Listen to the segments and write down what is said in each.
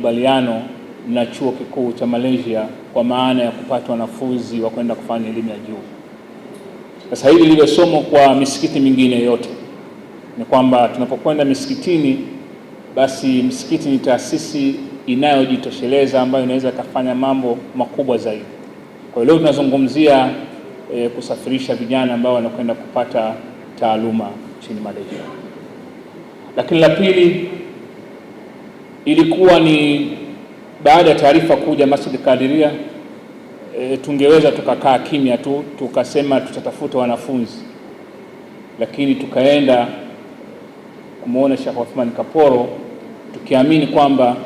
makubaliano na chuo kikuu cha Malaysia kwa maana ya kupata wanafunzi wa kwenda kufanya elimu ya juu. Sasa hili lile somo kwa misikiti mingine yote ni kwamba tunapokwenda misikitini, basi msikiti ni taasisi inayojitosheleza ambayo inaweza ikafanya mambo makubwa zaidi. Kwa hiyo leo tunazungumzia e, kusafirisha vijana ambao wanakwenda kupata taaluma nchini Malaysia, lakini la pili ilikuwa ni baada ya taarifa kuja Masjid Kadiria, e, tungeweza tukakaa kimya tu tukasema tutatafuta wanafunzi, lakini tukaenda kumwona Sheikh Othman Kaporo tukiamini kwamba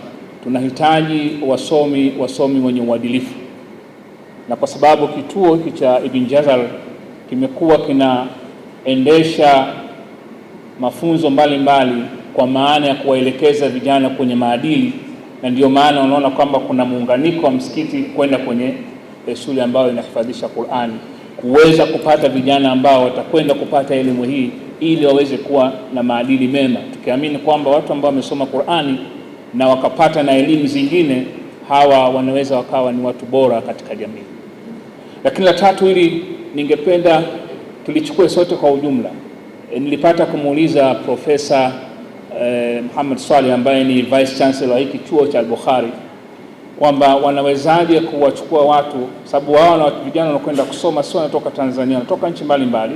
tunahitaji wasomi wasomi wenye uadilifu, na kwa sababu kituo hiki cha Ibn Jazal kimekuwa kinaendesha mafunzo mbalimbali mbali, kwa maana ya kuwaelekeza vijana kwenye maadili, na ndio maana unaona kwamba kuna muunganiko wa msikiti kwenda kwenye shule ambayo inahifadhisha Qur'ani, kuweza kupata vijana ambao watakwenda kupata elimu hii ili waweze kuwa na maadili mema, tukiamini kwamba watu ambao wamesoma Qur'ani na wakapata na elimu zingine, hawa wanaweza wakawa ni watu bora katika jamii. Lakini la tatu, ili ningependa tulichukue sote kwa ujumla. E, nilipata kumuuliza Profesa eh, Muhammad Swali ambaye ni vice chancellor wa hiki chuo cha Al-Bukhari kwamba wanawezaje kuwachukua watu, sababu wao na vijana wanakwenda kusoma sio wanatoka Tanzania, wanatoka nchi mbalimbali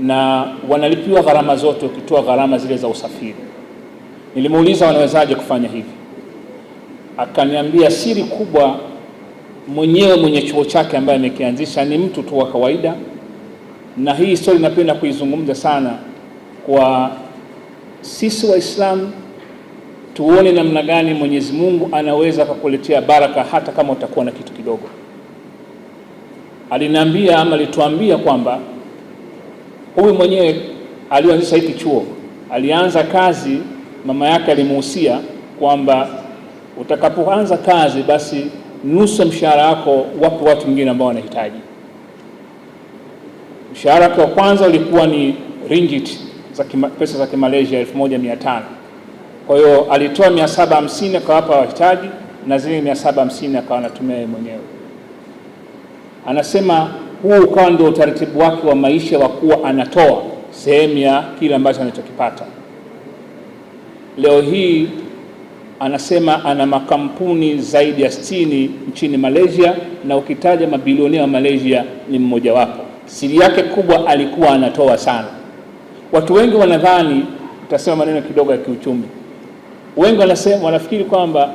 na wanalipiwa gharama zote, ukitoa gharama zile za usafiri. Nilimuuliza wanawezaje kufanya hivi, akaniambia siri kubwa mwenyewe mwenye chuo chake ambaye amekianzisha ni mtu tu wa kawaida, na hii story napenda kuizungumza sana kwa sisi Waislamu tuone namna gani Mwenyezi Mungu anaweza akakuletea baraka hata kama utakuwa na kitu kidogo. Aliniambia ama alituambia kwamba huyu mwenyewe alianzisha hiki chuo, alianza kazi, mama yake alimuhusia kwamba utakapoanza kazi, basi nusu mshahara wako wapo watu wengine ambao wanahitaji. Mshahara wake wa kwanza ulikuwa ni ringgit za kima, pesa za Kimalaysia 1500. Kwa hiyo alitoa 750 akawapa wahitaji na zile 750 akawa anatumia yeye mwenyewe. Anasema huu ukawa ndio utaratibu wake wa maisha wa kuwa anatoa sehemu ya kile ambacho anachokipata. Leo hii anasema ana makampuni zaidi ya sitini nchini Malaysia, na ukitaja mabilionea wa Malaysia ni mmojawapo. Siri yake kubwa alikuwa anatoa sana. Watu wengi wanadhani, utasema maneno kidogo ya kiuchumi, wengi wanasema, wanafikiri kwamba